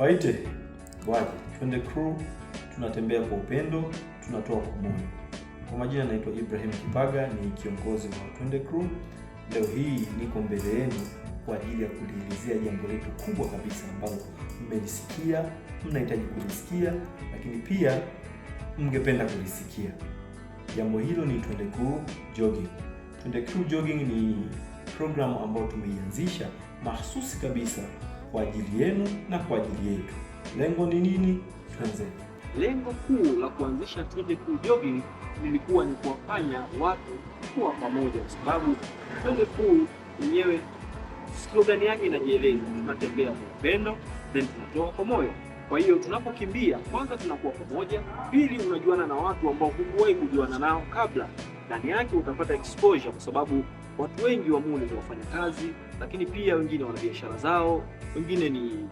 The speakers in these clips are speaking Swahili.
Waite waje, twende crew, tunatembea kwa upendo, tunatoa kwa moyo. Kwa majina naitwa Ibrahim Kipaga, ni kiongozi wa Twende Crew. Leo hii niko mbele yenu kwa ajili ya kulielezea jambo letu kubwa kabisa ambalo mmelisikia, mnahitaji kulisikia, lakini pia mngependa kulisikia. Jambo hilo ni Twende Crew Jogging. Twende Crew Jogging ni programu ambayo tumeianzisha mahsusi kabisa kwa ajili yenu na kwa ajili yetu. Lengo ni nini? Tuanzeni. Lengo kuu la kuanzisha Tuje Jogging lilikuwa ni kuwafanya watu kuwa pamoja, kwa sababu Tuje Kuu yenyewe slogan yake inajieleza, tunatembea kwa upendo then tunatoa kwa moyo. Kwa hiyo tunapokimbia, kwanza tunakuwa pamoja, pili unajuana na watu ambao hukuwahi kujuana nao kabla. Ndani yake utapata exposure kwa sababu Watu wengi wa Mule ni kazi lakini pia wengine wana biashara zao, wengine ni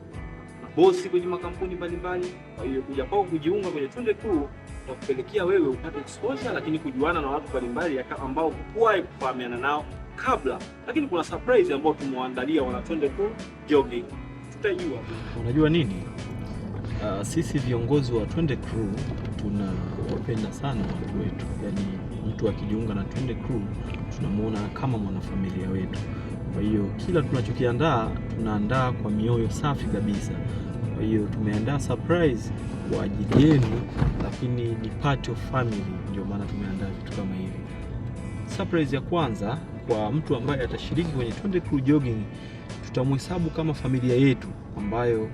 mabosi kwenye makampuni mbalimbali. Kwa hiyo kuja kwao kujiunga kwenye tunde kuu na kupelekea wewe upate exposure, lakini kujuana na watu mbalimbali ambao hukuwahi kufahamiana nao kabla. Lakini kuna surprise ambayo tumewaandalia Tunde kuu jogging. Tutajua unajua nini, uh, sisi viongozi wa tunde crew tunawapenda sana watu wetu, yaani mtu akijiunga na Twende Crew tunamwona kama mwanafamilia wetu. Kwa hiyo kila tunachokiandaa tunaandaa kwa mioyo safi kabisa. Kwa hiyo tumeandaa surprise kwa ajili yenu, lakini ni part of family, ndio maana tumeandaa vitu kama hivi. Surprise ya kwanza kwa mtu ambaye atashiriki kwenye Twende Crew jogging, tutamhesabu kama familia yetu ambayo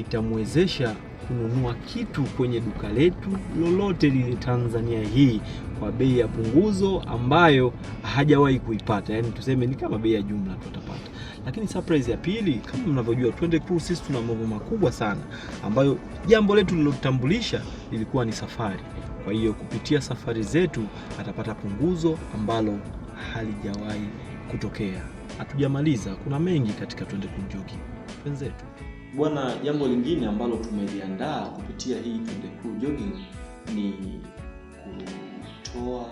itamwezesha kununua kitu kwenye duka letu lolote lile Tanzania hii kwa bei ya punguzo ambayo hajawahi kuipata, yaani tuseme ni kama bei ya jumla tutapata. Lakini surprise ya pili, kama mnavyojua, Twende Crew sisi tuna mambo makubwa sana, ambayo jambo letu lilotambulisha lilikuwa ni safari. Kwa hiyo kupitia safari zetu atapata punguzo ambalo halijawahi kutokea. Hatujamaliza, kuna mengi katika Twende Crew wenzetu. Bwana, jambo lingine ambalo tumeliandaa kupitia hii Twende kuu Jogging ni kutoa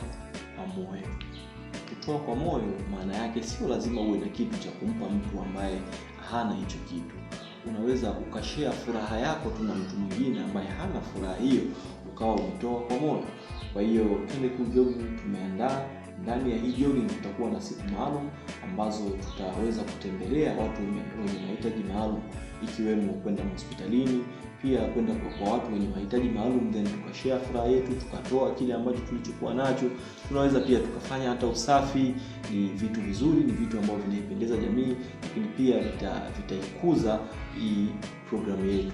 kwa moyo. Kutoa kwa moyo maana yake sio lazima uwe na kitu cha kumpa mtu ambaye hana hicho kitu. Unaweza ukashea furaha yako tu na mtu mwingine ambaye hana furaha hiyo, ukawa umetoa kwa moyo. Kwa hiyo Twende kuu Jogging tumeandaa ndani ya hii jioni tutakuwa na siku maalum ambazo tutaweza kutembelea watu wenye mahitaji maalum, ikiwemo kwenda hospitalini, pia kwenda kwa watu wenye mahitaji maalum, then tukashare furaha yetu, tukatoa kile ambacho tulichokuwa nacho. Tunaweza pia tukafanya hata usafi. Ni vitu vizuri, ni vitu ambavyo vinaipendeza jamii, lakini pia vitaikuza vita hii programu yetu.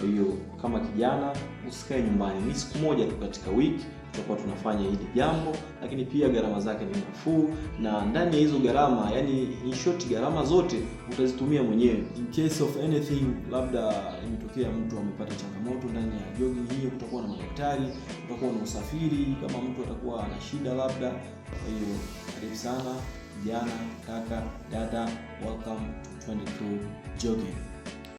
Kwa hiyo kama kijana, usikae nyumbani. Ni siku moja tu katika wiki tutakuwa tunafanya hili jambo, lakini pia gharama zake ni nafuu, na ndani ya hizo gharama, yani in short, gharama zote utazitumia mwenyewe. In case of anything, labda imetokea mtu amepata changamoto ndani ya jogging hiyo, kutakuwa na madaktari, kutakuwa na usafiri kama mtu atakuwa ana shida labda. Kwa hiyo karibu sana kijana, kaka, dada, welcome to 22 jogging.